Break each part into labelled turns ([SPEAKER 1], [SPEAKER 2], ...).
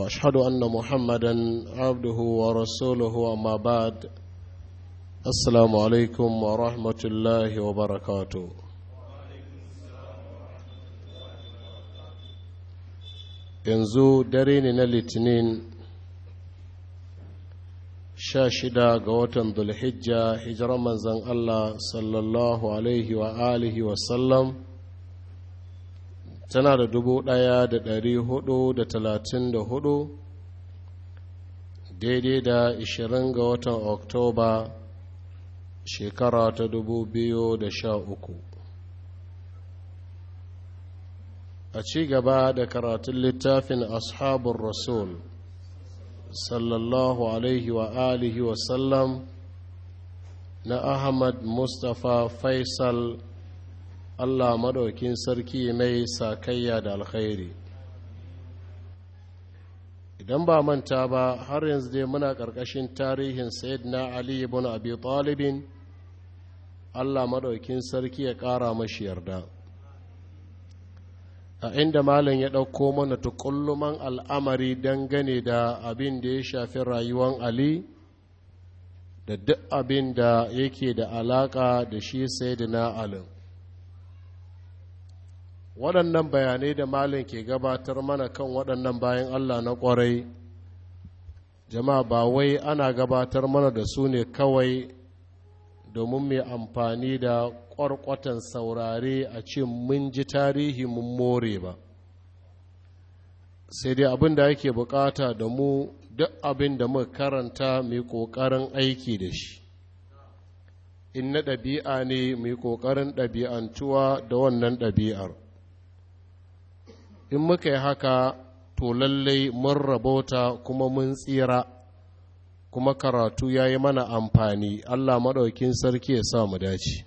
[SPEAKER 1] واشهد ان محمدا عبده ورسوله اما بعد السلام عليكم ورحمه الله وبركاته yanzu dare ne na litinin sha shida ga watan dulhijja hijirar manzan allah sallallahu alaihi wa alihi wasallam tana da dubu ɗaya da ɗari hudu da talatin da hudu daidai da ishirin ga watan oktoba shekara ta dubu biyu da sha uku a ci gaba da karatun littafin ashabun rasul sallallahu alaihi wa alihi wasallam na ahmad mustapha faisal allah madaukin sarki mai sakayya da alkhairi idan ba manta ba har yanzu dai muna ƙarƙashin tarihin sayyidina ali ibn abi talibin allah madaukin sarki ya ƙara mashi yarda a inda malam ya ɗauko mana tukulluman al'amari dangane da abin da ya shafi rayuwar ali da duk abin da yake da alaƙa da shi sayyidina da Ali. waɗannan bayanai da malin ke gabatar mana kan waɗannan bayan Allah na ƙwarai jama'a ba wai ana gabatar mana da su ne kawai domin mai amfani da ƙwarƙwatan saurare a ce mun ji tarihi mun more ba sai dai abin da yake bukata da mu duk abin da muka karanta mai ƙoƙarin aiki da shi in na ɗabi'a ne mai ƙoƙarin ɗabi'antuwa da wannan ɗabi'ar in muka yi haka to lallai mun rabota kuma mun tsira kuma karatu ya yi mana amfani allah maɗaukin sarki ya sa mu dace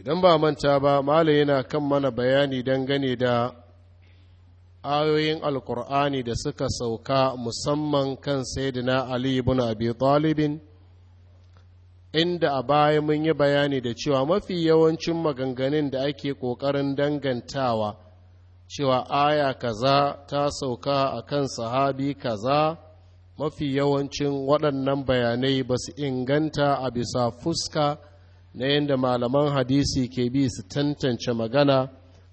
[SPEAKER 1] idan ba manta ba malam yana kan mana bayani dangane da ayoyin alkur'ani da suka sauka musamman kan sayyidina ali ibn abi talibin inda a baya mun yi bayani da cewa mafi yawancin maganganun da ake ƙoƙarin dangantawa cewa aya kaza ta sauka a kan sahabi kaza mafi yawancin waɗannan bayanai ba su inganta a bisa fuska na yadda malaman hadisi ke bi su tantance magana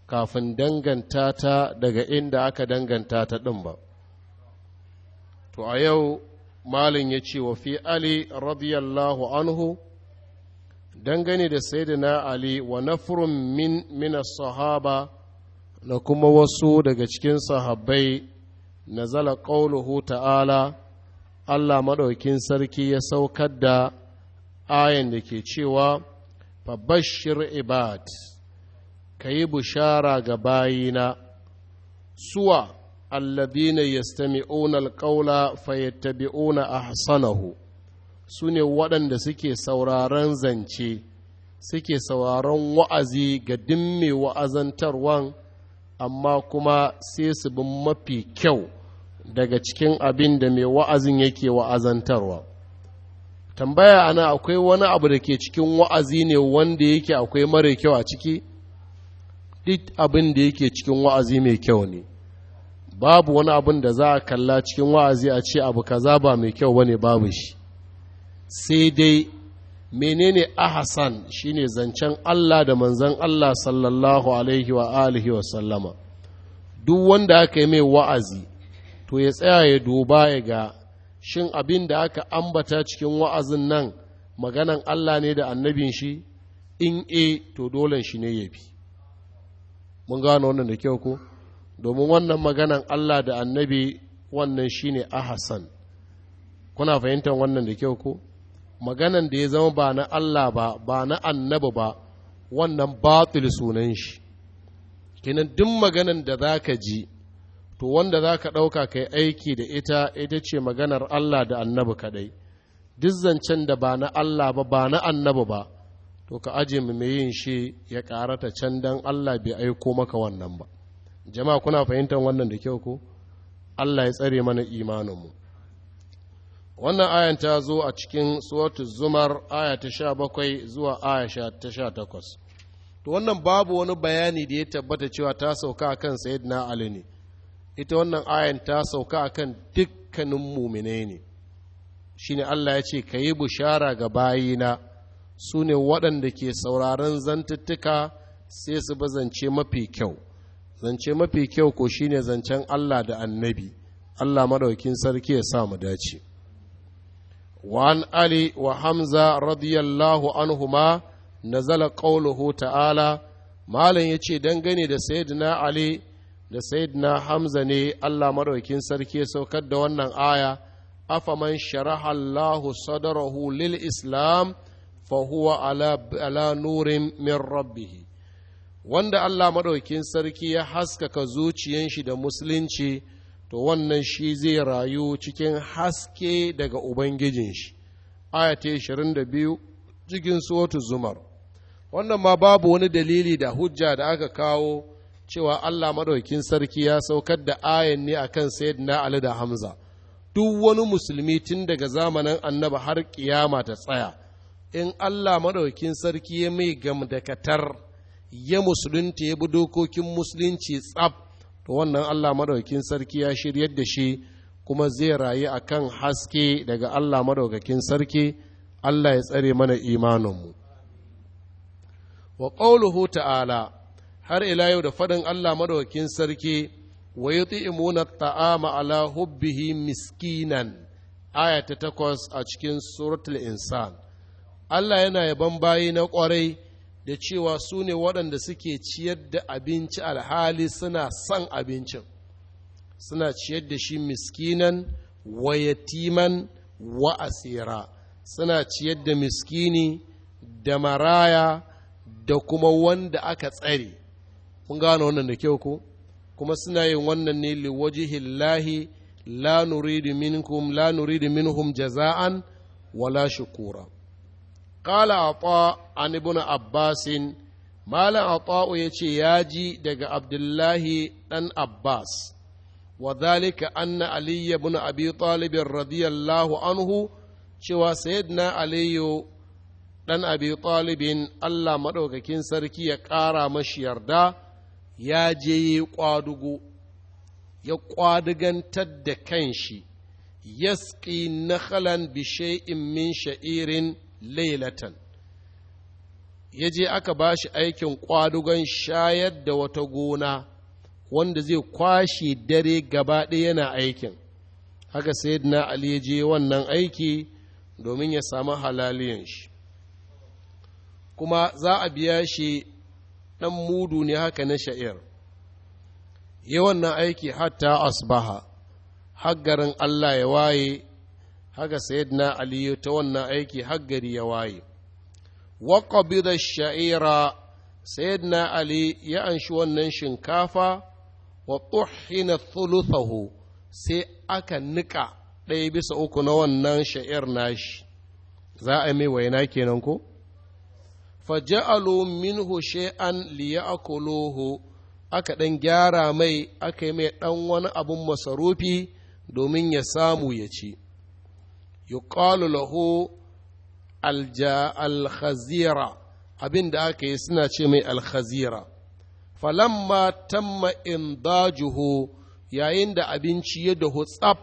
[SPEAKER 1] kafin danganta ta daga inda aka danganta ta ɗin ba to a yau malin ya ce wa fi ali radiyallahu anhu dangane da sayyidina ali wa nafrun min mina sahaba da kuma wasu daga cikin sahabbai nazala ƙauluhu ta'ala Allah maɗaukin sarki ya saukar da ayan da ke cewa fabashir ibad ka yi bushara ga bayina suwa alladhina yastami'una alqawla fayattabi'una ahsanahu su ne waɗanda suke sauraron zance suke sauraron wa'azi ga dimme wa'azantarwan amma kuma sai su bi mafi kyau daga cikin abin da mai wa'azin yake wa'azantarwa tambaya ana akwai wani abu da ke cikin wa'azi ne wanda yake akwai mara kyau a ciki duk abin da yake cikin wa'azi mai kyau ne babu wani abin da za a kalla cikin wa'azi a ce abu kaza ba mai kyau bane babu shi sai dai menene ahasan shine zancen Allah da manzan Allah sallallahu alaihi wa alihi wa sallama duk wanda aka yi mai wa'azi to ya tsaya ya duba ya ga shin abin da aka ambata cikin wa'azin nan maganan Allah ne da annabin shi in e to dolen shi ne ya bi mun gano wannan da kyau ko domin wannan maganan Allah da annabi wannan shine ahasan kuna fahimtar wannan da kyau ko maganan da ya zama ba na Allah ba ba na annabi ba wannan batil sunan shi kenan duk maganan da zaka ji to wanda za ka ɗauka kai aiki da ita ita ce maganar Allah da annabi kaɗai duk zancen da ba na Allah ba ba na annabi ba to ka aje mu mai yin shi ya karata can dan Allah bai aiko maka wannan ba jama'a kuna fahimtar wannan da kyau ko Allah ya tsare mana imaninmu wannan ayan ta zo a cikin suwatu zumar aya ta sha bakwai zuwa aya ta sha takwas to wannan babu wani bayani da ya tabbata cewa ta sauka akan sayyidina ali ne ita wannan ayan ta sauka akan dukkanin mumine ne shine Allah ya ce ka yi bushara ga bayina su ne waɗanda ke sauraron zantuttuka sai su bazance mafi kyau zance mafi kyau ko shine zancen Allah da annabi Allah madaukin sarki ya sa mu dace وعن wa Hamza رضي الله عنهما nazala ƙauluhu ta'ala malam ya ce dangane da sayyidina ali da sayyidina hamza ne allah maɗaukin sarki ya saukar da wannan aya afaman sharaha allahu sadarahu lil islam fa huwa ala, nurin min rabbihi wanda Allah maɗaukin sarki ya haskaka zuciyan shi da musulunci to wannan shi zai rayu cikin haske daga ubangijin shi ayata 22 cikin suwatu zumar wannan ma babu wani dalili da hujja da aka kawo cewa Allah maɗaukin sarki ya saukar da ayan ne akan sayyidina Ali da Hamza duk wani musulmi tun daga zamanin annaba har kiyama ta tsaya in Allah maɗaukin sarki ya mai gamdakatar ya musulunta ya bi dokokin musulunci tsab to wannan Allah madaukakin sarki ya shiryar da shi kuma zai rayu a kan haske daga Allah maɗaukakin sarki Allah ya tsare mana imaninmu wa qawluhu ta'ala har ila yau da faɗin Allah madaukakin sarki wa yuti'imuna ta'ama ala hubbihi miskinan aya ta takwas a cikin suratul insan Allah yana yaban bayi na ƙwarai da cewa su ne waɗanda suke ciyar da abinci alhali suna son abincin suna ciyar da shi miskinan wa yatiman wa asira suna ciyar da miskini da maraya da kuma wanda aka tsare kun gano wannan da kyau ko kuma suna yin wannan ne liwajihillahi la nuridu minkum la nuridu minhum jaza'an wala shukura Ƙala a Malam Ata'u ya ce ya ji daga Abdullahi ɗan Abbas, wa zalika anna Aliyu ibn Abi Talibin radiyallahu anhu cewa na Aliyu ɗan Abi Talibin Allah maɗaukakin sarki ya ƙara mashi yarda ya je ya ƙwadugo, da kanshi, yasƙi nakhalan bishe'in min sha'irin lailatan ya je aka ba shi aikin kwadugan shayar da wata gona wanda zai kwashe dare gaba ɗaya yana aikin haka sai na ali ya je wannan aiki domin ya samu halaliyan shi kuma za a biya shi ɗan mudu ne haka na sha'ir yi wannan aiki hatta asbaha har garin allah ya waye haka sayyidina ali ta wannan aiki har ya waye wa qabida sha'ira sayyidina ali ya anshi wannan shinkafa wa tuhina thuluthahu sai aka nika ɗaya bisa uku na wannan sha'ir nashi za a mai waina kenan ko faja'alu minhu shay'an liya'kuluhu aka ɗan gyara mai aka yi mai ɗan wani abun masarufi domin ya samu ya ci yuqalu lahu alkhazira abin da aka yi suna ce mai alkhazira falamma tamma indajuhu yayin da abinci ya dahu tsab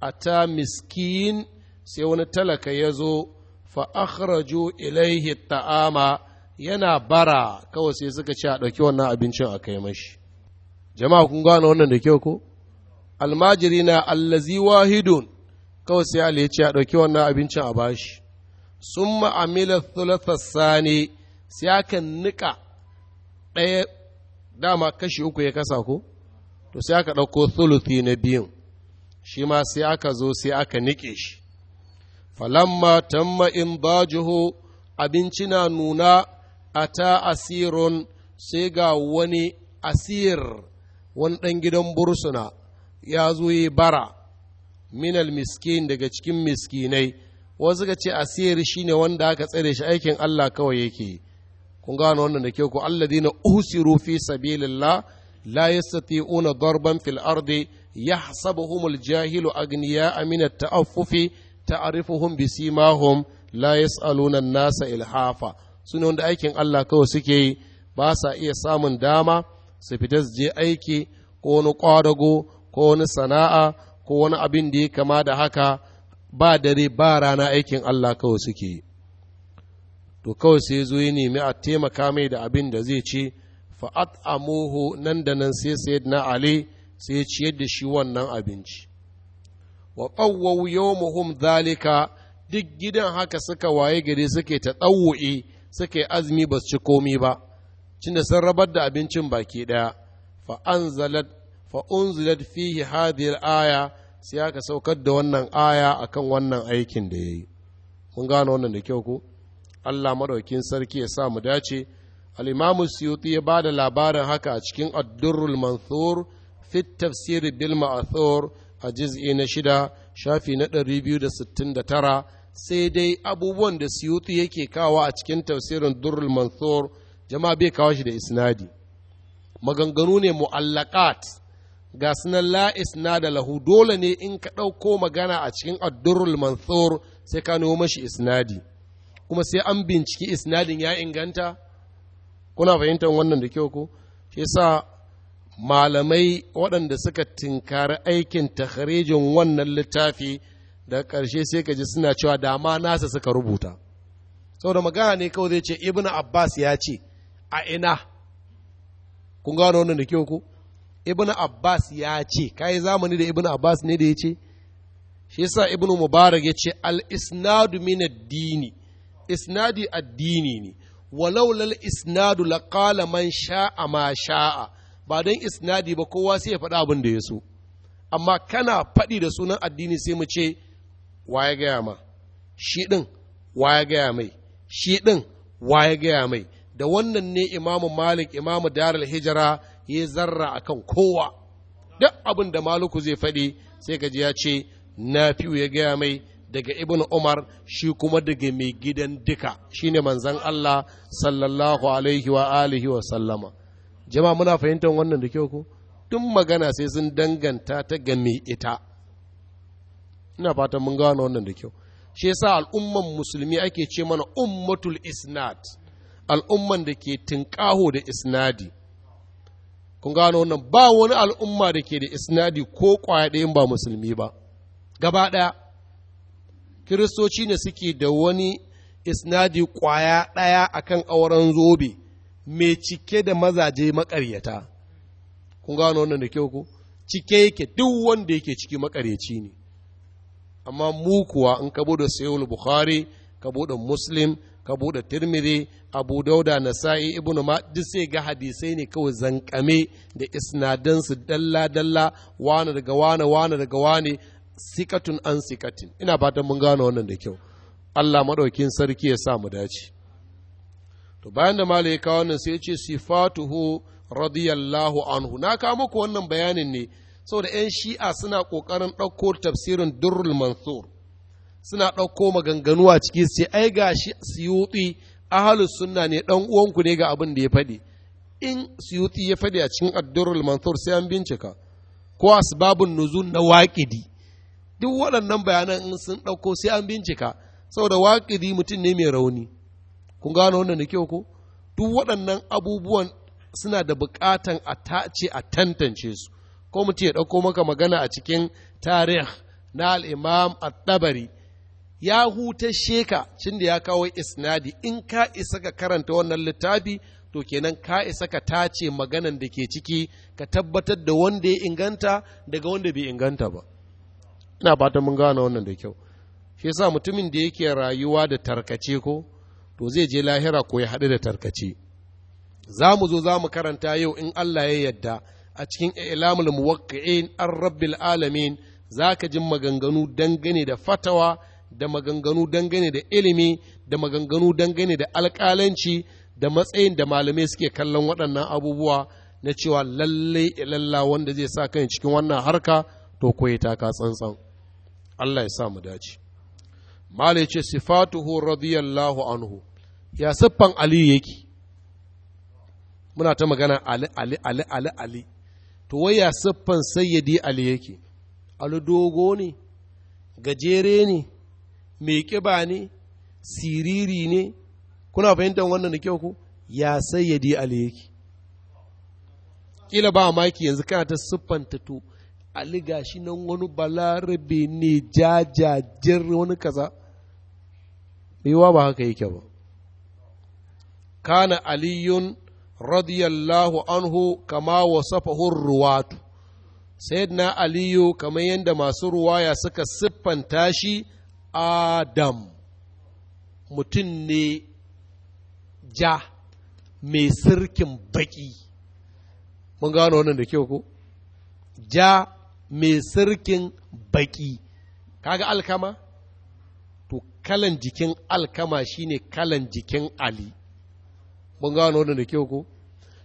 [SPEAKER 1] a ta miskin sai wani talaka ya zo fa akhraju ilaihi ta'ama yana bara kawai sai suka ce a ɗauki wannan abincin a kai mashi jama'a kun gane wannan da kyau ko almajiri na allazi wahidun kawai sai Ali ya ce ya ɗauki wannan abincin a bashi sun ma'amila thulatha sani sai aka nika ɗaya dama kashi uku ya kasa ko to sai aka ɗauko thuluthi na biyun shi ma sai aka zo sai aka nike shi falamma tamma in bajuhu abinci na nuna a ta asirun sai ga wani asir wani ɗan gidan bursuna ya zo yi bara minal miskin daga cikin miskinai wasu ka ce asiri shine wanda aka tsare shi aikin Allah kawai yake kun gano wannan da ke ku alladina usiru fi sabilillah la yastati'una darban fil ardi yahsabuhumul jahilu agniya amina taaffufi ta'rifuhum bisimahum la yas'aluna an-nasa ilhafa sune wanda aikin Allah kawai suke yi ba sa iya samun dama su fita su je aiki ko wani ƙwadago ko wani sana'a ko wani abin da ya kama da haka ba dare ba rana aikin Allah kawai suke yi to kawai sai zo ya nemi a taimaka mai da abin da zai ce fa'at amuhu nan da nan sai sayid na ali sai ya ciyar da shi wannan abinci wa ƙawwau yawmuhum zalika duk gidan haka suka waye gari suke ta ɗauwa'i suke azumi ba su ci komi ba cin da sun rabar da abincin baki ɗaya fa'anzalat fihi hadhihi aya sai aka saukar da wannan aya akan wannan aikin da ya yi mun gano wannan da kyau ku allah maɗaukin sarki ya sa mu dace al'imamu siyuti ya ba da labarin haka a cikin addurrul manthur fit tafsiri bil ma'athur a jiz'i na shida shafi na ɗari biyu da sittin da tara sai dai abubuwan da siyuti yake kawo a cikin tafsirin durrul manthur jama'a bai kawo shi da isnadi maganganu ne mu'allakat ga sunan la'is na da lahu dole ne in ka ɗauko magana a cikin addurul mansur sai ka nemo mashi isnadi kuma sai an binciki isnadin ya inganta kuna fahimtar wannan da kyau ko shi sa malamai waɗanda suka tinkari aikin takharijin wannan littafi da ƙarshe sai ka ji suna cewa dama nasa suka rubuta saboda magana ne kawai zai ce ibn abbas ya ce a ina kun gano wannan da kyau ko ibn abbas ya ce kai zamani da ibn abbas ne da ya ce shi yasa ibn mubarak ya ce al isnadu min addini isnadi addini ne walau lal isnadu laqala man sha'a ma sha'a ba don isnadi ba kowa sai ya faɗa abin da ya so amma kana faɗi da sunan addini sai mu ce wa ya gaya ma shi ɗin wa ya gaya mai shi ɗin wa ya gaya mai da wannan ne imamu malik imamu darul hijira ya zarra a kan kowa duk abin da maluku zai faɗi sai ka ji ya ce na fiye ya gaya mai daga ibn umar shi kuma daga mai gidan duka shine manzan allah sallallahu alaihi wa alihi wa sallama Jama muna fahimtar wannan da kyau ko duk magana sai sun danganta ta ga mai ita ina fatan mun gano wannan da kyau shi yasa al'umman musulmi ake ce mana ummatul isnad al'umman da ke tinkaho da isnadi kun gano wannan ba wani al'umma da ke da isnadi ko kwaya ɗayan ba musulmi ba gaba ɗaya kiristoci ne suke da wani isnadi kwaya ɗaya akan auren zobe mai cike da mazaje maƙaryata kun gano wannan da kyau ku cike yake duk wanda yake ciki makaryaci ne amma mu kuwa in ka bude sayul bukhari ka bude muslim ka buɗe tirmidhi abu dauda na Sa'i ibn ma duk sai ga hadisai ne kawai zankame da isnadansu dalla dalla wani daga wani wani daga wani sikatun an sikatin ina fatan mun gano wannan da kyau Allah maɗaukin sarki ya sa mu dace to bayan da malai kawo wannan sai ya ce sifatuhu radiyallahu anhu na kawo muku wannan bayanin ne saboda 'yan shi'a suna ƙoƙarin ɗauko tafsirin durrul mansur suna ɗauko maganganu a ciki sai ai ga shi siyuti ahalus sunna ne ɗan uwanku ne ga abin da ya faɗi in siyuti ya faɗi a cikin addurul mansur sai an bincika ko asbabun nuzul na waqidi duk waɗannan bayanan in sun ɗauko sai an bincika saboda waqidi mutum ne mai rauni kun gano wannan ne kyau ko duk waɗannan abubuwan suna da buƙatan a tace a tantance su ko mutum ya ɗauko maka magana a cikin tarih na al imam at-tabari ya huta sheka cin da ya kawo isnadi in ka isa ka karanta wannan littafi to kenan ka isa ka tace maganan da ke ciki ka tabbatar da wanda ya inganta daga wanda bai inganta ba ina fatan mun gane wannan da kyau shi yasa mutumin da yake rayuwa da tarkace ko to zai je lahira ko ya haɗu da tarkace za mu zo za mu karanta yau in Allah ya yadda a cikin ilamul muwaqqi'in an rabbil alamin zaka ji maganganu dangane da fatawa da maganganu dangane da ilimi da maganganu dangane da alƙalanci da matsayin da malamai suke kallon waɗannan abubuwa na cewa lallai ilalla wanda zai sa kan cikin wannan harka to koyi taka tsantsan Allah ya sa mu dace malai ce sifatuhu radiyallahu anhu ya siffan ali yake muna ta magana ali ali ali ali ali to wai ya siffan sayyidi ali yake ali dogo ne gajere ne mai ƙiba ne siriri ne kuna fahimtar wannan da kyau ku ya sayyadi alayyaki kila ba maki yanzu kana ta siffanta to ali gashi nan wani balarabe ne jajajen wani kaza yiwa ba haka yake ba kana aliyun radiyallahu anhu kama wasafahur ruwatu sayyidina aliyu kamar yadda masu ruwaya suka siffanta shi adam mutum ne ja mai sirkin baki mun gano wannan da kyau ko ja mai sirkin baki kaga alkama to kalan jikin alkama shine kalan jikin ali mun gano wannan da kyau ko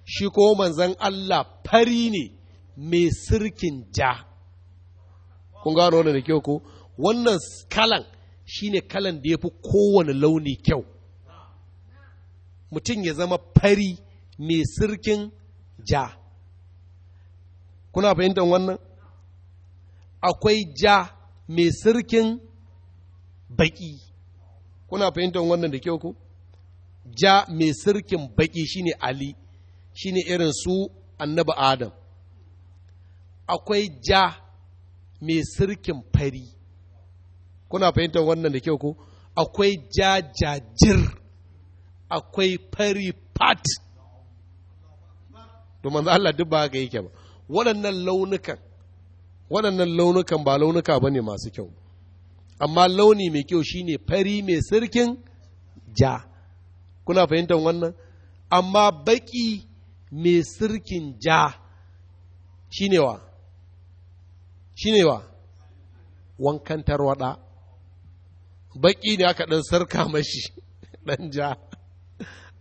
[SPEAKER 1] shi ko manzan Allah fari ne mai sirkin ja kun gano wannan da kyau ko wannan kalan shine kalan da ya fi kowane launi kyau mutum ya zama fari mai sirkin ja kuna fahimtar wannan akwai ja mai sirkin baƙi kuna fahimtar wannan da kyau ko ja mai sirkin baƙi shine ali shine irin su annabi adam akwai ja mai sirkin fari kuna fahimtar wannan da kyau ko akwai jajajir akwai fari pat domin Allah duk ba ga yake ba waɗannan launukan waɗannan launukan ba launuka ba ne masu kyau amma launi mai kyau shine fari mai sirkin ja kuna fahimtar wannan amma baki mai sirkin ja shine wa shine wa wankan tarwada baki ne aka ɗan sarka mashi ɗan ja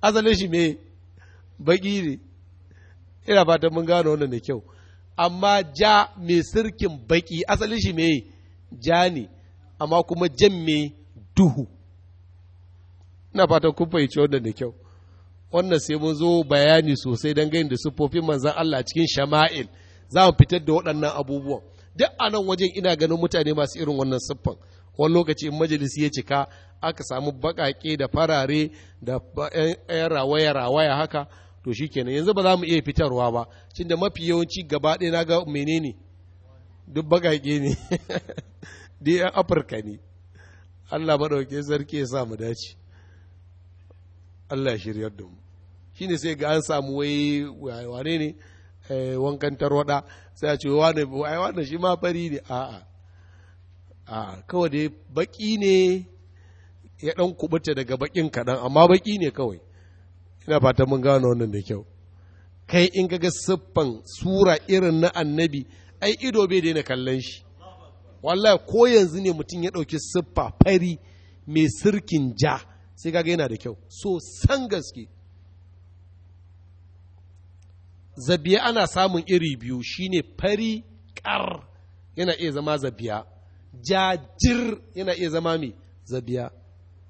[SPEAKER 1] asalin shi me baki ne ina fatan mun gano wannan da kyau amma ja mai sirkin baki asalin shi me ja ne amma kuma jan me duhu ina fatan kun fahimci wannan da kyau wannan sai mun zo bayani sosai don ganin da siffofin manzan Allah cikin shama'il za mu fitar da waɗannan abubuwan duk a nan wajen ina ganin mutane masu irin wannan siffan wani lokaci in majalisi ya cika aka samu baƙaƙe da farare da yan rawaya-rawaya haka to shi kenan yanzu ba za mu iya fitarwa ba cin da mafi yawanci gaba ɗaya na ga menene duk baƙaƙe ne duk yan afirka ne allah maɗauke sarki ya sa mu dace allah ya shiryar da mu shi ne sai ga an samu wai wane ne eh, wankan tarwada sai a ce wane shi ma fari ne a'a a kawai dai baki ne ya ɗan kubuta daga bakin kaɗan amma baki ne kawai ina fata mun gano wannan da kyau kai in ga siffan sura irin na annabi ai ido bai daina kallon shi wallahi ko yanzu ne mutum ya ɗauki siffa fari mai sirkin ja sai kaga yana da kyau so san gaske zabiya ana samun iri biyu shine fari ƙar yana iya zama zabiya jajir yana iya zama mai zabiya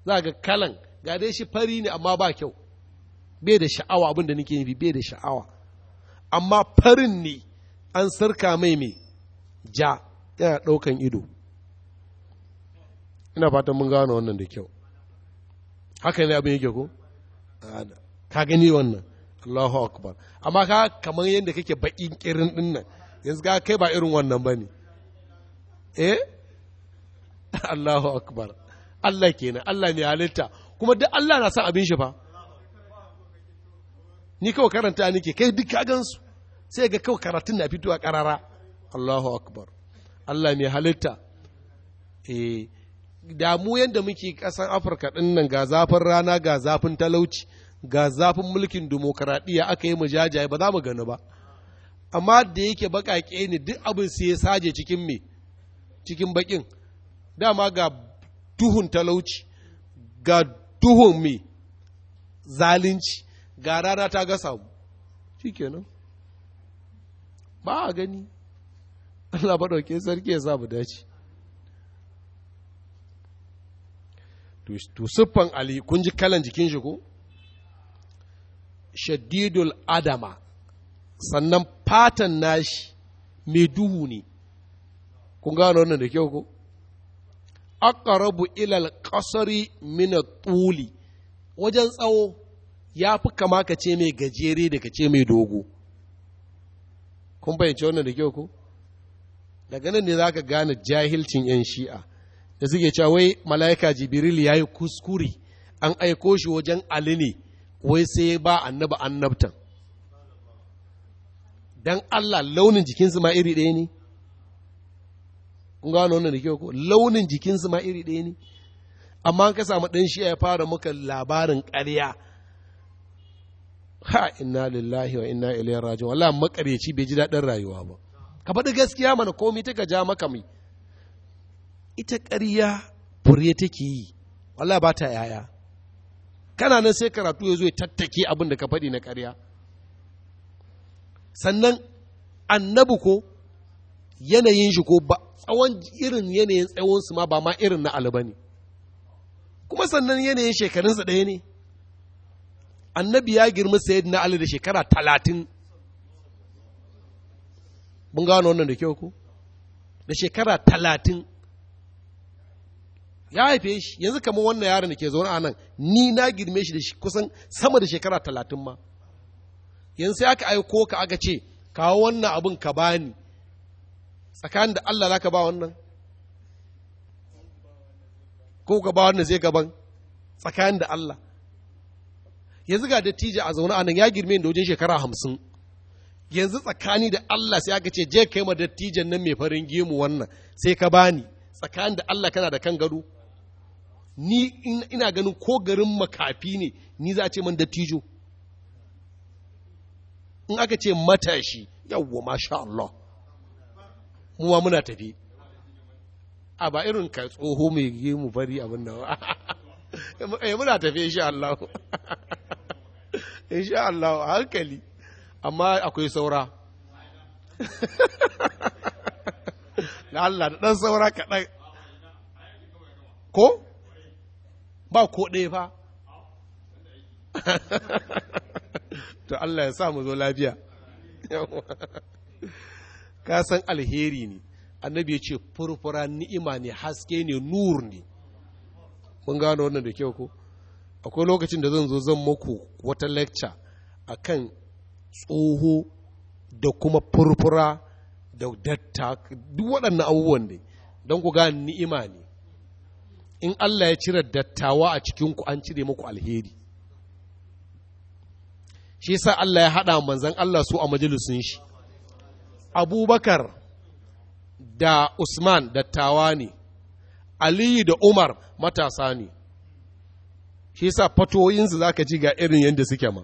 [SPEAKER 1] za ga kalan ga dai shi fari ne amma ba kyau bai da sha'awa abin da nake nufi bai da sha'awa amma farin ne an sarka mai mai ja yana ɗaukan ido ina fatan mun gano wannan da kyau haka ne abin yake ko ka gani wannan Allahu akbar amma ka kamar yadda kake baƙin ƙirin ɗin nan yanzu ga kai ba irin wannan ba ne eh Allahu akbar Allah kenan Allah ne halitta kuma duk Allah na san abin shi fa ni kawai karanta nake kai duk ka gansu sai ga kawai karatun na fitowa karara Allahu akbar Allah ne halitta eh damu yadda muke kasan Afirka din nan ga zafin rana ga zafin talauci ga zafin mulkin demokaradiyya aka yi mu ba za mu gani ba amma da yake bakake ne duk abin sai ya saje cikin me cikin bakin dama ga duhun talauci ga duhun mai zalunci ga rana ta gasa mu shi kenan ba a gani Allah maɗauke sarki ya sa mu dace to siffan ali kun ji kalan jikin shi ko shadidul adama sannan fatan nashi mai duhu ne kun gano wannan da kyau ko aqrabu ilal qasri min tuli wajen tsawo ya fi kama ka ce mai gajere da ka ce mai dogo kun bayyance wannan da kyau ko daga nan ne za ka gane jahilcin 'yan shi'a da suke cewa wai mala'ika jibril ya yi kuskure an aiko shi wajen ali ne wai sai ba annaba annabtan dan allah launin jikinsu ma iri ɗaya ne kun gano wannan da kyau ko launin jikinsu ma iri ɗaya ne amma ka samu ɗan shi ya fara maka labarin ƙarya ha inna lillahi wa inna ilaihi raji'un wallahi makareci bai ji daɗin rayuwa ba ka faɗi gaskiya mana komai ta ka ja maka mai ita ƙarya fure take yi wallahi ba ta yaya kana nan sai karatu ya zo ya tattake abin da ka faɗi na ƙarya sannan annabi ko yanayin shi ko ba tsawon irin yanayin tsawon su ma ba ma irin na alba ne kuma sannan yanayin shekarunsa ɗaya ne annabi ya girma sayid na ali da shekara talatin mun gano wannan da kyau ku da shekara talatin ya haife shi yanzu kamar wannan yaron da ke zaune a nan ni na girme shi da kusan sama da shekara talatin ma yanzu sai aka aiko ka aka ce kawo wannan abin ka bani tsakanin da Allah za ka ba wannan ko ka ba wannan zai gaban tsakanin da Allah yanzu ga dattijo a zaune a nan ya girme da wajen shekara hamsin yanzu tsakani da Allah sai aka ce je kai ma dattijan nan mai farin gemu wannan sai ka bani tsakanin da Allah kana da kan gado ni ina ganin ko garin makafi ne ni za a ce man dattijo in aka ce matashi yawwa masha Allah muwa muna tafi a ba irin ka tsoho mai yi mu bari abin nan eh muna tafi insha Allah insha Allah hankali amma akwai saura da Allah da ɗan saura kaɗai ko ba ko ɗaya ba to Allah ya sa mu zo lafiya Kasan alheri ne annabi ya ce furfura ni'ima ne haske ne nur ne mun gano wannan da kyau ko akwai lokacin da zan zo zan muku wata lecture akan tsoho da kuma furfura da datta duk waɗannan abubuwan ne don ku gane ni'ima ne in Allah ya cire dattawa a cikinku an cire muku alheri shi yasa Allah ya haɗa manzan Allah su a majalisun shi abubakar da usman dattawa ne aliyu da umar matasa ne shi sa fatoyinsu za ka ji ga irin yadda suke ma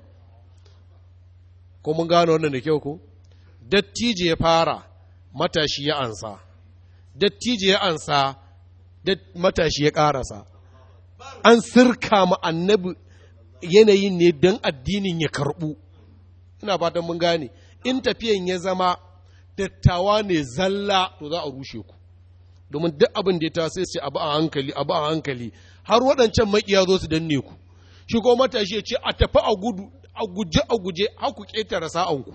[SPEAKER 1] ko gano wannan da kyau ko dattijo ya fara matashi ya ansa dattijo ya ansa matashi ya karasa an sirka ma annabi yanayin ne don addinin ya karɓu ina fatan mun gane in tafiyan ya zama dattawa ne zalla to za a rushe ku domin duk abin da ya ta sai abu a hankali abu a hankali har waɗancan makiya zo su danne ku shi ko matashi ya ce a tafi a gudu a guje a guje har ku ƙetare sa'anku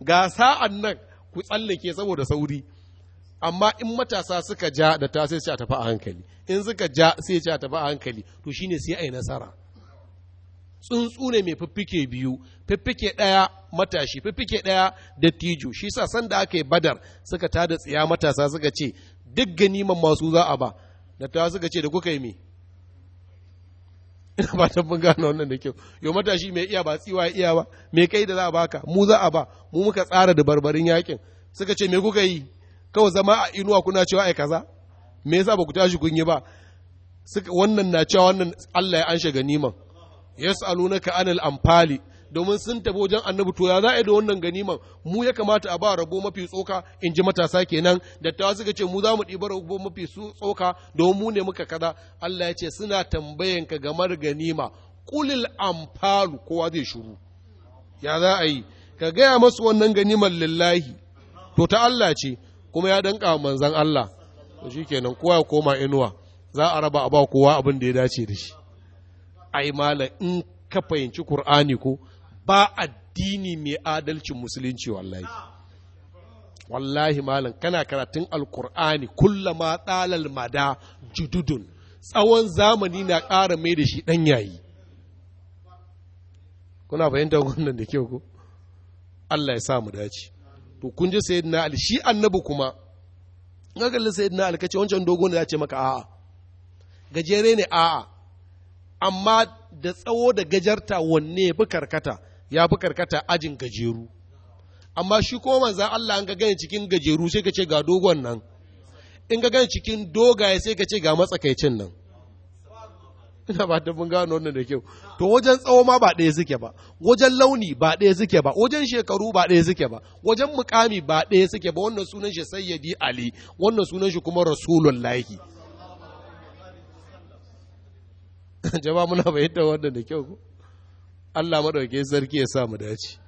[SPEAKER 1] ga sa'an nan ku tsallake saboda sauri amma in matasa suka ja da ta sai a tafi a hankali in suka ja sai ce a tafi a hankali to shine sai a yi nasara tsuntsu ne mai fiffike biyu fiffike ɗaya matashi fiffike ɗaya dattijo shi sa sanda aka yi badar suka tada tsiya matasa suka ce duk ganiman masu za a ba da ta suka ce da kuka yi me ina ba ta mun gano wannan da kyau yau matashi mai iya ba tsiwa iya ba me kai da za a baka mu za a ba mu muka tsara da barbarin yakin suka ce me kuka yi kawai zama a inuwa kuna cewa ai kaza me yasa ba ku tashi kun yi ba wannan na cewa wannan Allah ya anshe ganiman yas'alunaka anil amfali domin sun tafi wajen annabi to ya za a da wannan ganiman mu ya kamata a ba rabo mafi tsoka in ji matasa kenan dattawa suka ce mu za mu ɗiba rabo mafi tsoka domin mu ne muka kaza Allah ya ce suna tambayan ka gamar ganima kulil amfalu kowa zai shuru ya za a yi ka gaya masu wannan ganiman lillahi to ta Allah ce kuma ya danka manzan Allah to shikenan kowa ya koma inuwa za a raba a ba kowa abin da ya dace da shi ai malam in ka fahimci Kur'ani ko ba addini mai adalcin musulunci wallahi wallahi malam kana karatun alkur'ani kullama dalal mada jududun tsawon zamani na ƙara mai da shi ɗan yayi kuna fahimtar wannan da kyau ko Allah ya sa mu dace to kun ji sayyidina ali shi annabi kuma ga kallon sayyidina ali kace wancan dogon da ya ce maka a'a gajere ne a'a amma da tsawo da gajarta wanne ya bi karkata ya bi karkata ajin gajeru amma shi ko manza Allah an ga gani cikin gajeru sai ka ce ga dogon nan in ga gani cikin dogaye sai ka ce ga matsakaicin nan ina ba ta mun gano wannan da kyau to wajen tsawo ma ba ɗaya suke ba wajen launi ba ɗaya suke ba wajen shekaru ba ɗaya suke ba wajen mukami ba ɗaya suke ba wannan sunan shi sayyidi ali wannan sunan shi kuma rasulullahi jama muna bayyana wannan da kyau Allah madauke sarki ya sa mu dace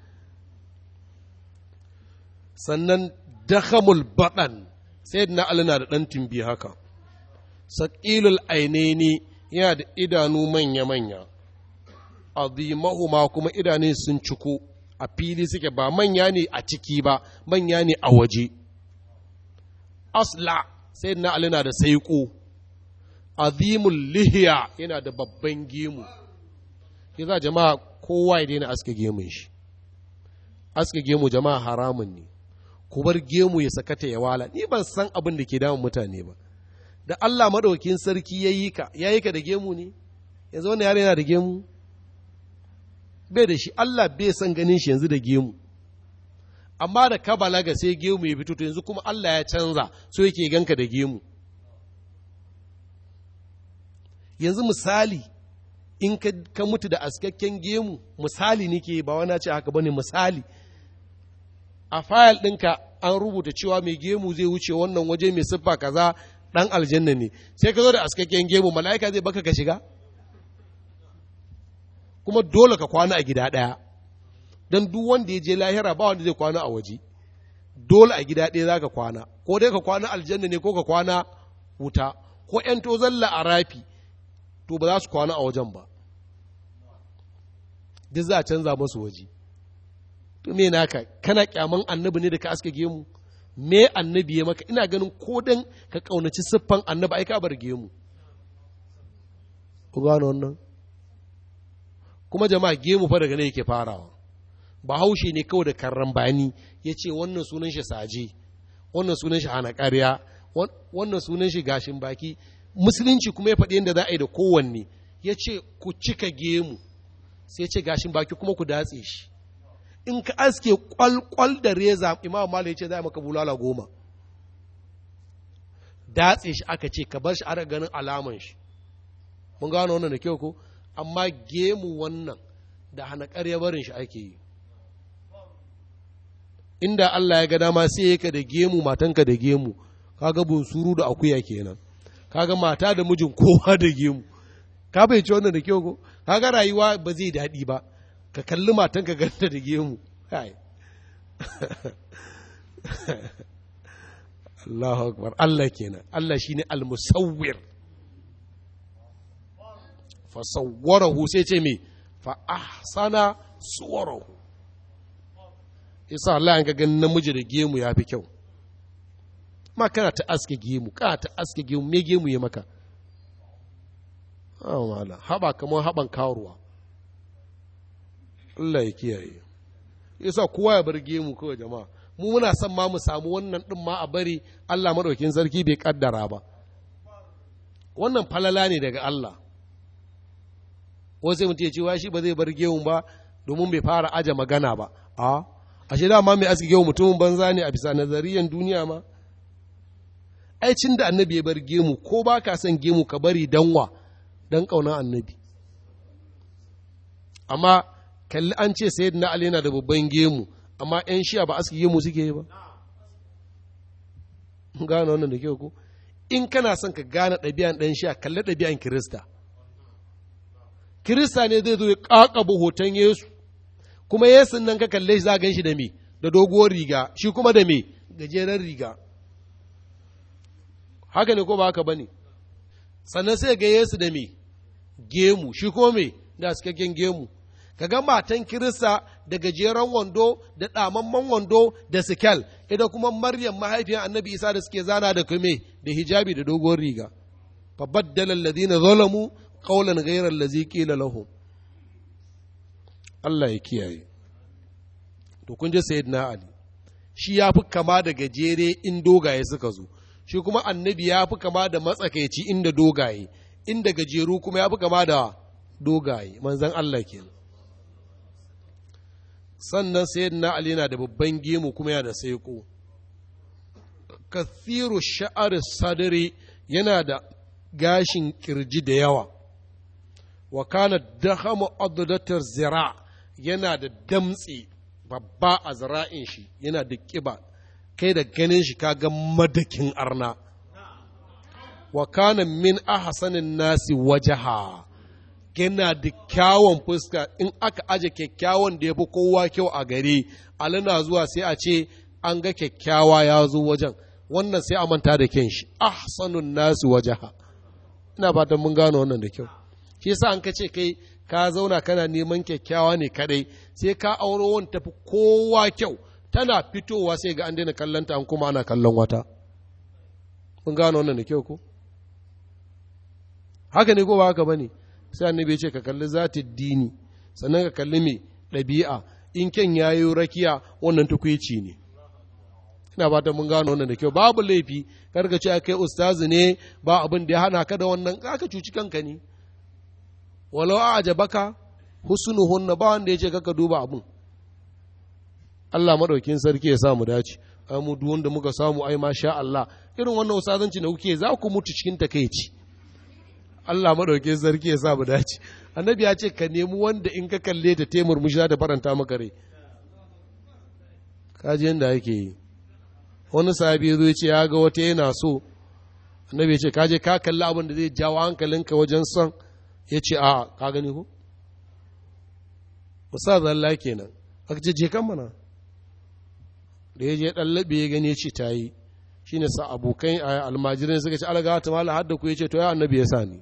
[SPEAKER 1] sannan dakhamul baɗan sai na alina da ɗan tumbi haka saƙilul aineni yana da idanu manya-manya ma kuma idanun sun ciko a fili suke ba manya ne a ciki ba manya ne a waje asla sai na alina da saiko azimul lihiya yana da babban gemu Ya za jama'a kowa ya daina aske gemun shi aske gemu jama'a haramun ne ku bar gemu ya sakata ya wala ni ban san abin da ke damun mutane ba da Allah madaukin sarki ya yi ka ya yi ka da gemu ne yanzu wannan yare yana da gemu bai da shi Allah bai san ganin shi yanzu da gemu amma da ka balaga sai gemu ya fito to yanzu kuma Allah ya canza so yake ganka da gemu yanzu misali in ka mutu da askakken gemu misali nike ba wani ce haka bane misali a fayil ɗinka an rubuta cewa mai gemu zai wuce wannan waje mai siffa kaza ɗan aljanna ne sai ka zo da askakken gemu mala'ika zai baka ka shiga kuma dole ka kwana a gida ɗaya don duk wanda ya je lahira ba wanda zai kwana a waje dole a gida ɗaya za ka kwana ko dai ka kwana aljanna ne ko ka kwana wuta ko ‘yan tozalla a rafi to ba za su kwana a wajen ba duk za a canza masu waje to me naka kana kyaman annabi ne da ka aske gemu me annabi ya maka ina ganin ko dan ka kaunaci siffan annabi ai ka bar gemu ku gano wannan kuma jama'a gemu fa daga ne yake farawa bahaushe ne kawai da karran bani ya ce wannan sunan shi saje wannan sunan shi hana ƙarya wannan sunan shi gashin baki musulunci kuma ya faɗi yadda za a yi da kowanne ya ce ku cika gemu sai ce gashin baki kuma ku datse shi in ka aske kwalkwal da reza imam malik ya ce za a maka bulala goma datse shi aka ce ka bar shi ana ganin alaman shi mun gano wannan da kyau ko amma gemu wannan da hana ƙarya barin shi ake yi inda Allah ya ga dama sai ya ka da gemu matanka da gemu kaga bunsuru da akuya kenan kaga mata da mijin kowa da gemu ka fahimci wannan da kyau ko kaga rayuwa ba zai daɗi ba ka kalli matan ka ganta da gemu kai Allahu akbar Allah kenan Allah shine al-musawwir fa sawwarahu sai ce me fa ahsana suwarahu isa Allah an ga ganin namiji da gemu yafi kyau ma kana ta aske gemu kana ta aske gemu me gemu ya maka oh wala haba kamar haban karuwa Allah ya kiyaye yasa kowa ya bar gemu kowa jama'a mu muna son ma mu samu wannan din ma a bari Allah madaukin sarki bai kaddara ba wannan falala ne daga Allah wasu mutum ya ce wa shi ba zai bar gemu ba domin bai fara aje magana ba a ashe dama mai aske gemu mutumin banza ne a bisa nazariyan duniya ma aicin da annabi ya bar gemu ko ba ka son gemu ka bari danwa don ƙaunar annabi amma kalli an ce sayid na ali yana da babban gemu amma 'yan shiya ba aski gemu suke yi ba gane wannan da kyau ko in kana son ka gane ɗabi'an ɗan shiya kalli ɗabi'an kirista kirista ne zai zo ya ƙaƙaba hoton yesu kuma yesu nan ka kalle shi za a gan shi da me da doguwar riga shi kuma da me gajeren riga haka ne ko ba haka bane sannan sai ga Yesu da me gemu shi ko me da cikakken gemu kaga matan kirista da gajeren wando da ɗamamman wando da sikel ita kuma maryam mahaifiyar annabi isa da suke zana da kume da hijabi da dogon riga fa baddala alladhina zalamu qawlan ghayra allazi qila lahum Allah ya kiyaye to kun je sayyidina ali shi ya fi kama da gajere in dogaye suka zo shi kuma annabi ya fi kama da matsakaici inda dogaye inda gajeru kuma ya fi kama da dogaye manzan Allah ke sannan sayyidina Ali yana da babban gemu kuma yana da saiko kathiru sha'ar sadari yana da gashin kirji da yawa wa kana dahamu adadatar zira yana da damtse babba a zira'in shi yana da kiba kai da ganin shi kaga madakin arna wa kana min ahsanin nasi wajaha Kina da kyawun fuska in aka aje kyakkyawan da ya fi kowa kyau a gari alina zuwa sai a ce an ga kyakkyawa ya zo wajen wannan sai a manta da kyan shi ahsanun nasi wajaha ina fatan mun gano wannan da kyau shi yasa an kace kai ka zauna kana neman kyakkyawa ne kadai sai ka auro wani tafi kowa kyau tana fitowa sai ga an daina kallonta an kuma ana kallon wata kun gano wannan da kyau ko haka ne ko ba haka bane sai annabi ya ce ka kalli zati dini sannan ka kalli me dabi'a in ken yayi rakiya wannan tukuici ne ina ta mun gano wannan da kyau babu laifi karka ce kai ustazi ne ba abin da ya hana ka da wannan aka cuci kanka ne walau a ajabaka husnuhunna ba wanda ya ce kaka duba abin Allah maɗaukin sarki ya sa mu dace ai mu duk wanda muka samu ai ma sha Allah irin wannan usazanci da kuke za ku mutu cikin takeici Allah maɗaukin sarki ya sa mu dace annabi ya ce ka nemi wanda in ka kalle ta taimur mushi za ta faranta maka rai kaji yanda yake yi wani sahabi zo ya ce ya ga wata yana so annabi ya ce kaje ka kalli abin da zai jawo hankalinka wajen son ya ce a ka gani ko musa zalla kenan aka ce je kan mana da ya je labe ya gani ce ta yi shi ne sa abokan almajirin suka ce algawa ta mala hadda ku ya ce to ya annabi ya sa ni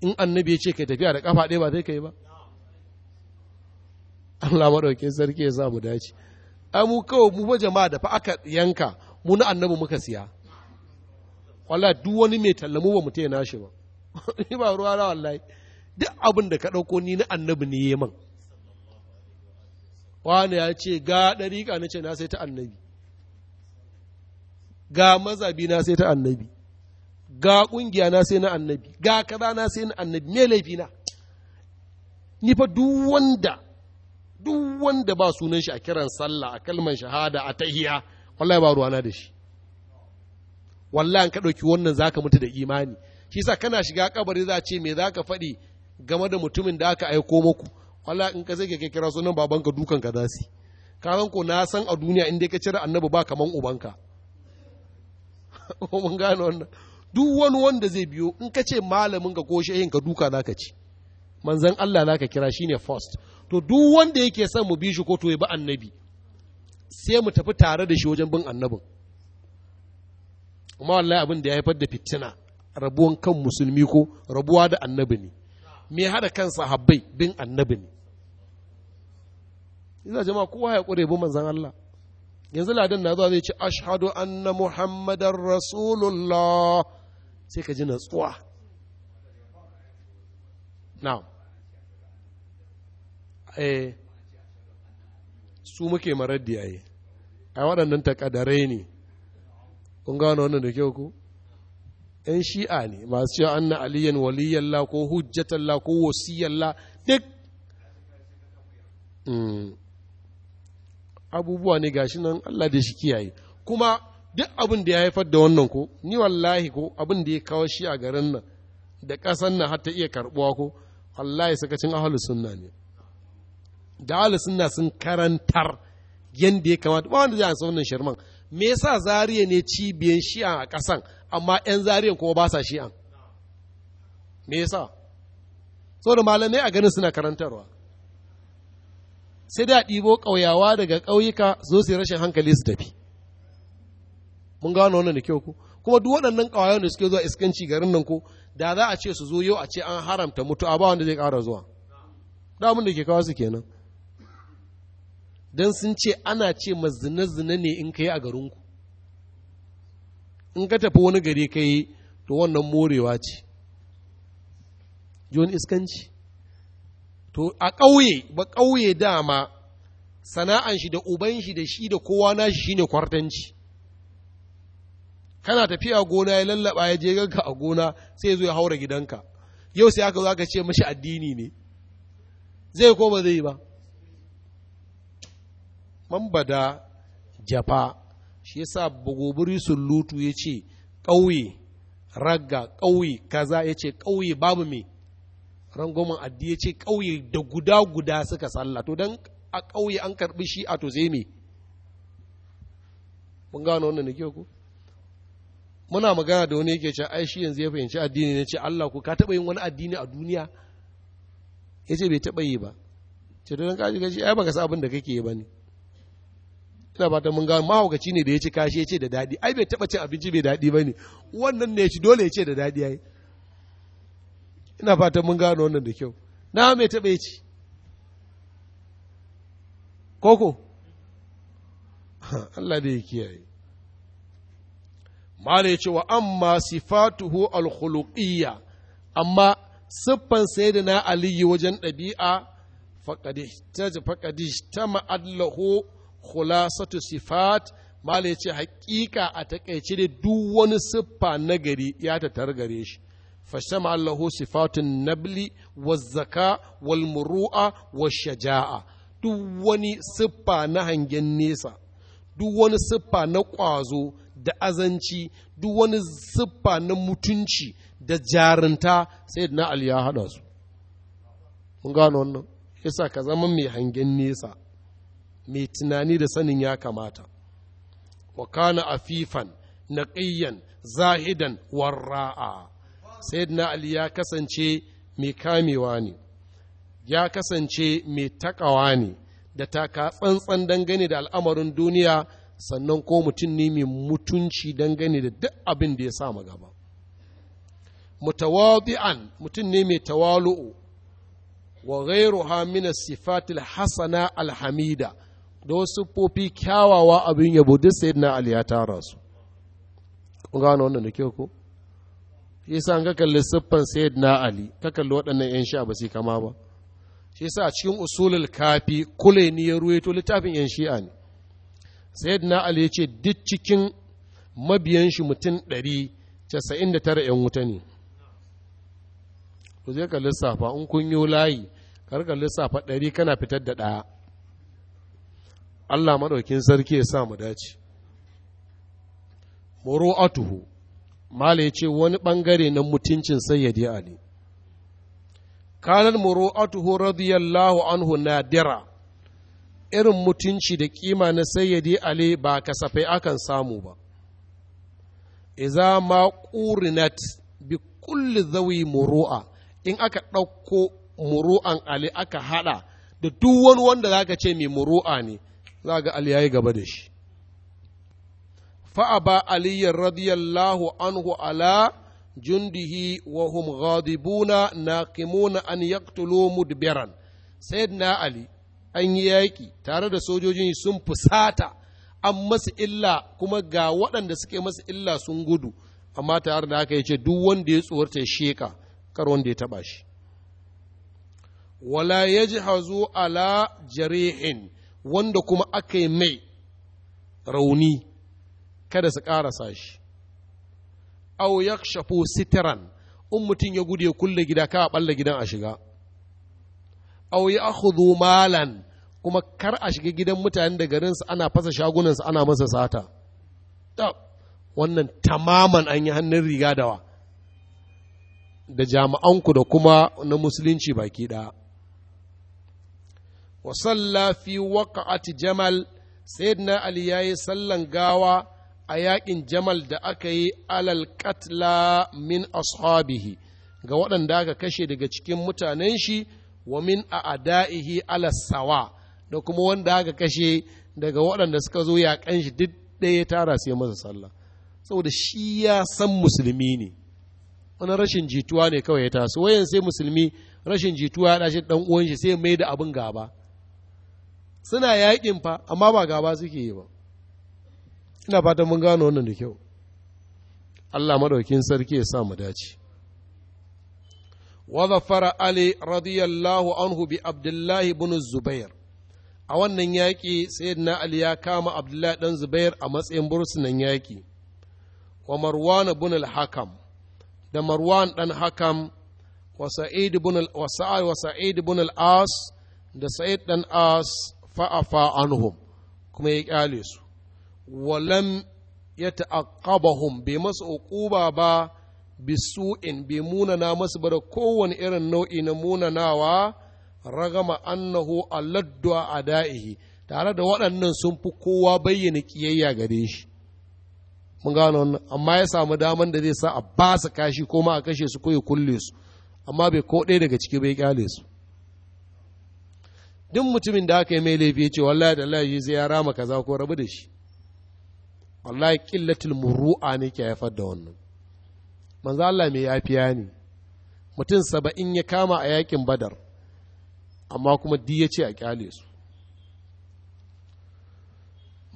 [SPEAKER 1] in annabi ya ce ka tafiya da kafa ɗaya ba zai kai ba Allah maɗaukin sarki ya sa mu dace a mu kawai mu ma da fa aka yanka mu na annabi muka siya wallahi duk wani mai tallamu ba mu taya nashi ba ni ba ruwa na wallahi duk abin da ka ɗauko ni na annabi ne yi man wani ya ce ga ɗariƙa na ce na sai ta annabi ga mazabi na sai ta annabi ga ƙungiya na sai na annabi ga kaza na sai na annabi me laifi na ni fa duk wanda duk wanda ba sunan shi a kiran sallah a kalman shahada a tahiya wallahi ba ruwana da shi wallahi an ka ɗauki wannan zaka mutu da imani shi sa kana shiga kabari za ce me zaka faɗi game da mutumin da aka aiko muku wala in ka sai ka kira sunan babanka dukan ka zasu ka san ko na san a duniya inda ka cire annabi ba kaman ubanka mun gane wannan duk wani wanda zai biyo in ka ce malamin ka ko shehin ka duka zaka ci manzon Allah zaka kira shine first to duk wanda yake son mu bi shi ko to ya bi annabi sai mu tafi tare da shi wajen bin annabin kuma wallahi abin da ya haifar da fitina rabuwan kan musulmi ko rabuwa da annabi ne me hada kan sahabbai bin annabi ne Iza jama'a kowa ya ƙure bu manzan Allah yanzu ladan na zuwa zai ce ashhadu anna muhammadar rasulullah sai ka ji natsuwa Na eh su muke maraddi a waɗannan takadarai ne kun gano wannan da kyau ku ‘yan shi'a ne masu cewa anna aliyan la ko la ko la duk mm. abubuwa ne gashi nan Allah da shi kiyaye kuma duk abin da ya haifar da wannan ko ni wallahi ko abin da ya kawo shi a garin nan da ƙasan nan har ta iya karɓuwa ko wallahi sakacin ahalus sunna ne da ahalus sunna sun karantar yadda ya kamata ba wanda zai ansa wannan shirman me yasa zariya ne cibiyan shi'a a ƙasan amma 'yan zariyan kuma ba sa shi'an me yasa da malamai a ganin suna karantarwa sai da ɗibo ƙauyawa daga ƙauyuka zo su rashin hankali su tafi mun gano wannan da kyau ku kuma duk waɗannan ƙawayen da suke zuwa iskanci garin nan ko da za a ce su zo yau a ce an haramta mutu a ba wanda zai ƙara zuwa damun da ke kawo su kenan don sun ce ana ce mazina-zina ne in ka yi a garinku in ka tafi wani gari ka yi to wannan morewa ce wani iskanci to a ƙauye ba ƙauye dama sana'an shi da uban shi da shi da kowa na shi shine kwartanci kana tafiya gona ya lallaba ya je ganka a gona sai zo ya haura gidanka yau sai aka zo aka ce mashi addini ne zai ko ba zai ba man bada jafa shi yasa bagobiri lutu ya ce ƙauye ragga ƙauye kaza ya ce ƙauye babu me rangwamen addi ya ce ƙauye da guda guda suka sallah to don a ƙauye an karɓi shi a to zai me mun gano wannan nake ku muna magana da wani yake ce ai shi yanzu ya fahimci addini ne ce Allah ku ka taɓa yin wani addini a duniya ya ce bai taɓa yi ba ce don kaji ce ai baka sa abin da kake yi ba ne ina ba ta mun ga mahaukaci ne da ya ci kashi ya ce da daɗi ai bai taɓa cin abinci bai daɗi ba ne wannan ne ya ci dole ya ce da daɗi yi ina fatan mun gano wannan da kyau na mai taɓa ya ci koko Allah da ya kiyaye mala ya ce wa amma sifatuhu alkhuluqiyya amma siffan na aliyu wajen ɗabi'a faƙadish ta ma'adlahu khulasatu sifat malai yace haƙiƙa a taƙaice da duk wani siffa na gari ya ta gare shi fashtama allahu sifatun nabli wazzaka wal muru'a shaja'a duk wani siffa na hangen nesa duk wani siffa na ƙwazo da azanci duk wani siffa na mutunci da jarinta sai na ali ya haɗa su mun gano wannan yasa ka zama mai hangen nesa mai tunani da sanin ya kamata wa kana afifan naqiyan zahidan warra'a na ali ya kasance mai kamewa ne ya kasance mai takawa ne da taka tsantsan dangane da al'amarin duniya sannan ko mutum ne mai mutunci dangane da duk abin da ya sa gaba mutawadi'an mutum ne mai tawalu'u wa ghairuha min sifatil Hassana alhamida da wasu fofi kyawawa abin yabo duk sai na ali ya tara su kun gano wannan da kyau ko shi yasa ka kalli siffan sayyid na ali ka kalli waɗannan yan shi'a ba su kama ba shi yasa a cikin usulul kafi kule ni ya ruwaito littafin yan shi'a ne sayyid na ali ya ce duk cikin mabiyan shi mutum ɗari casa'in da tara yan wuta ne ku zai ka lissafa in kun yi layi kar ka lissafa ɗari kana fitar da ɗaya Allah maɗaukin sarki ya sa mu dace muru'atuhu mala ya ce wani ɓangare na mutuncin sayyadi ali kanan muru'atuhu radiyallahu anhu nadira irin mutunci da kima na sayyadi ali ba kasafai akan samu ba iza ma ƙurinat bi kulli zawi muru'a in aka ɗauko muru'an ali aka haɗa da duk wani wanda zaka ce mai muru'a ne za ga Ali ya yi gaba da shi fa'aba aliyyar radiyallahu anhu ala jundihi wa hum ghadibuna na an yaqtulu mudbiran sayyidina ali an yi yaƙi tare da sojojin sun fusata an masu illa kuma ga waɗanda suke masu illa sun gudu amma tare da haka ya ce duk wanda ya tsorta sheka kar wanda ya taɓa shi wala ya ji hazo ala jarihin wanda kuma aka yi mai rauni kada su ƙarasa shi au ya shafo sitiran in mutum ya gudu ya kulle gida ka balla gidan a shiga au ya malan kuma kar a shiga gidan mutane da garinsu ana fasa shagunansu ana masa sata wannan tamaman an yi hannun riga dawa da jami'anku da kuma na musulunci baki ɗaya wa salla fi waqa'ati jamal sayyidina ali yayi sallan gawa a yaƙin jamal da aka yi alal katla min ashabihi ga waɗanda aka kashe daga cikin mutanen shi wa min a'da'ihi ala sawa da kuma wanda aka kashe daga waɗanda suka zo yaƙan shi duk ɗaya tara sai masa sallah saboda shi ya san musulmi ne wani rashin jituwa ne kawai ya taso wayan sai musulmi rashin jituwa ya ɗashi ɗan uwan shi sai mai da abin gaba suna yaƙin fa amma ba gaba suke yi ba ina fatan mun gano wannan da kyau Allah madaukin sarki ya sa mu dace wa zafara ali radiyallahu anhu bi abdullahi ibn zubair a wannan yaƙi sayyidina ali ya kama abdullahi dan zubair a matsayin bursunan yaƙi wa marwan ibn al-hakam da marwan dan hakam wa sa'id ibn al-as da sa'id dan as fa'afa anuhum kuma ya ƙyale su walam ya ta'aqqabahum bai masu uquba ba bisu'in bai munana masu ba da kowane irin nau'i na munanawa ragama annahu alladdu a da'ihi tare da waɗannan sun fi kowa bayyana ƙiyayya gare shi mun gano wannan amma ya samu daman da zai sa a ba kashi ko a kashe su ko ya kulle su amma bai ko ɗaya daga ciki bai ƙyale su duk mutumin da aka yi mai laifi ya ce wallahi da laifi zai ya rama kaza ko rabu da shi wallahi qillatul muru'a ne ke haifar da wannan manzo Allah mai yafiya ne mutum saba'in ya kama a yakin badar amma kuma di ya ce a kyale su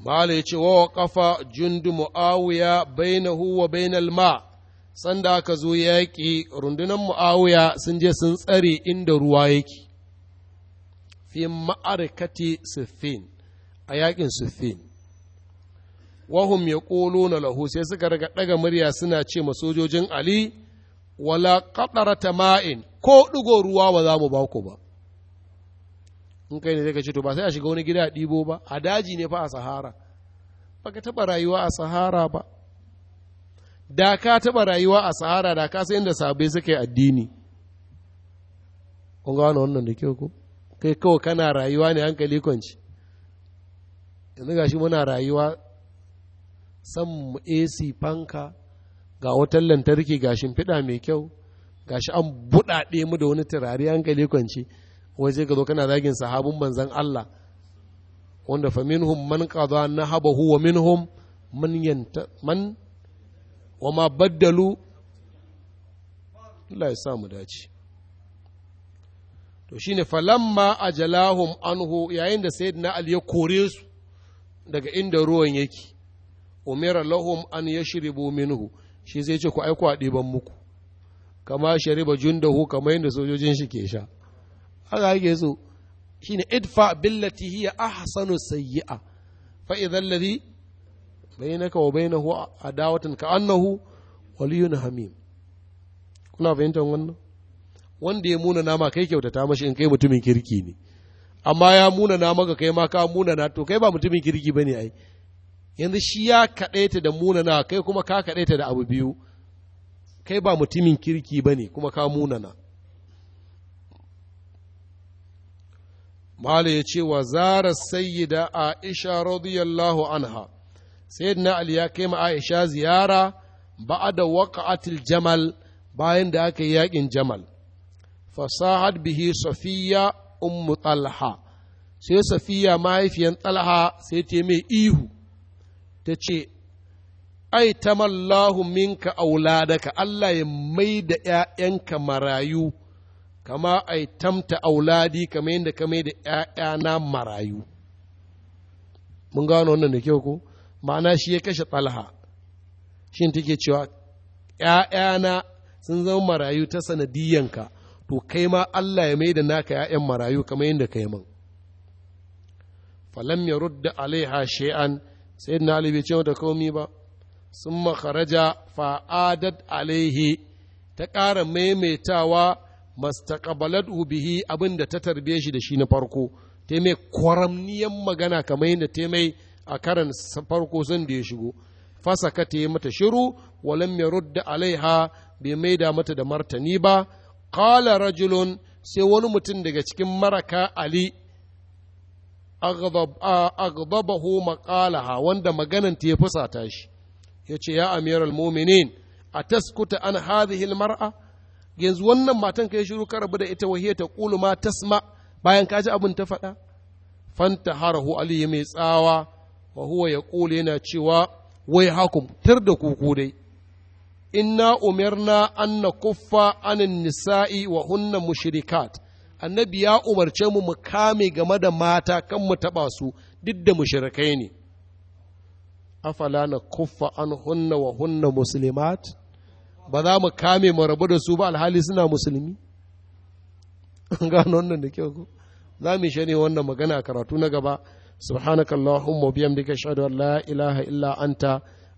[SPEAKER 1] Mala ya ce wa kafa jundu mu'awiya bainahu wa bainal ma sanda aka zo yaƙi rundunar mu'awiya sun je sun tsare inda ruwa yake fi ma'arikati siffin a yakin siffin wahum ya ƙolo na lahu sai suka riga ɗaga murya suna ce ma sojojin ali wala ta ma'in ko ɗigo ruwa ba za mu ba ku ba in kai ne zai to ba sai a shiga wani gida a ɗibo ba a daji ne fa a sahara ba ka taɓa rayuwa a sahara ba da ka taɓa rayuwa a sahara da ka sai inda sabai suka yi addini kun gane wannan da kyau ko kai kawai kana rayuwa ne hankali kwanci yanzu gashi muna rayuwa san mu AC fanka ga wutar lantarki ga shimfiɗa mai kyau gashi an buɗaɗe mu da wani turare hankali kwanci wai sai ka zo kana zagin sahabun manzan Allah wanda fa minhum man qada nahabahu wa minhum man yanta man wa ma baddalu Allah ya dace to shine falamma ajalahum anhu yayin da sayyidina ali ya kore su daga inda ruwan yake umira lahum an yashribu minhu shi zai ce ku aiko a ɗiban muku kama shariba jundahu kamar yadda sojojin shi ke sha haka yake so shine idfa billati hiya ahsanu sayyi'a fa idhal ladhi bainaka wa bainahu adawatan ka annahu waliyun hamim kuna fahimtar wannan wanda ya muna nama kai kyautata mashi in kai mutumin kirki ne amma ya muna nama maka kai ma ka muna na to kai ba mutumin kirki ne ai yanzu shi ya kadaita da muna na kai kuma ka kadaita da abu biyu kai ba mutumin kirki ne kuma ka muna na Mala ya ce wa zara sayyida Aisha radiyallahu anha, sayyidina Ali ya kai ma Aisha ziyara a da waƙa'atil jamal bayan da aka yi yaƙin jamal. fasahad bihi safiya ummu talha sai safiya mahaifiyan talha sai ta mai ihu ta ce ai tamallahu minka auladaka Allah ya mai da ‘ya'yanka marayu kama ai tamta auladi kamar yadda ka mai da ‘ya'yana marayu mun gano wannan da kyau ko ma'ana shi ya kashe talha shin take cewa ‘ya'yana sun zama marayu ta sanadiyanka to kai ma Allah ya mai da naka ‘ya'yan marayu kamar yadda yi man. Falam ya rudda alaiha she'an sai na alibi ce mata komi ba, sun makaraja fa'adad alaihi ta ƙara maimaitawa mastaqabalat bihi abin da ta tarbe shi da shi na farko, ta mai kwaramniyan magana kamar yadda ta mai a karan farko sun da ya shigo. Fasaka ta yi mata shiru, walam ya rudda alaiha bai maida mata da martani ba, qala rajulun sai wani mutum daga cikin maraka ali aghdabahu maqalaha wanda maganan ta ya fusata shi yace ya amiral mu'minin ataskuta an hadhihi almar'a yanzu wannan matan kai shiru ka rabu da ita wahiya ta qulu ma tasma bayan ka ji abin ta faɗa fanta harahu ali mai tsawa wa huwa ya ƙule yana cewa wai hakum tar da ku dai inna umirna na kuffa anin nisa'i wa hunna mushrikat annabi ya umarce mu mu kame game da mata kan mu taɓa su duk da mushrikai ne afala na kuffa an hunna wa hunna muslimat ba za mu kame mu rabu da su ba alhali suna musulmi gano wannan da kyau ko za mu shi ne wannan magana karatu na gaba subhanakallahumma wa bihamdika ashhadu an la ilaha illa anta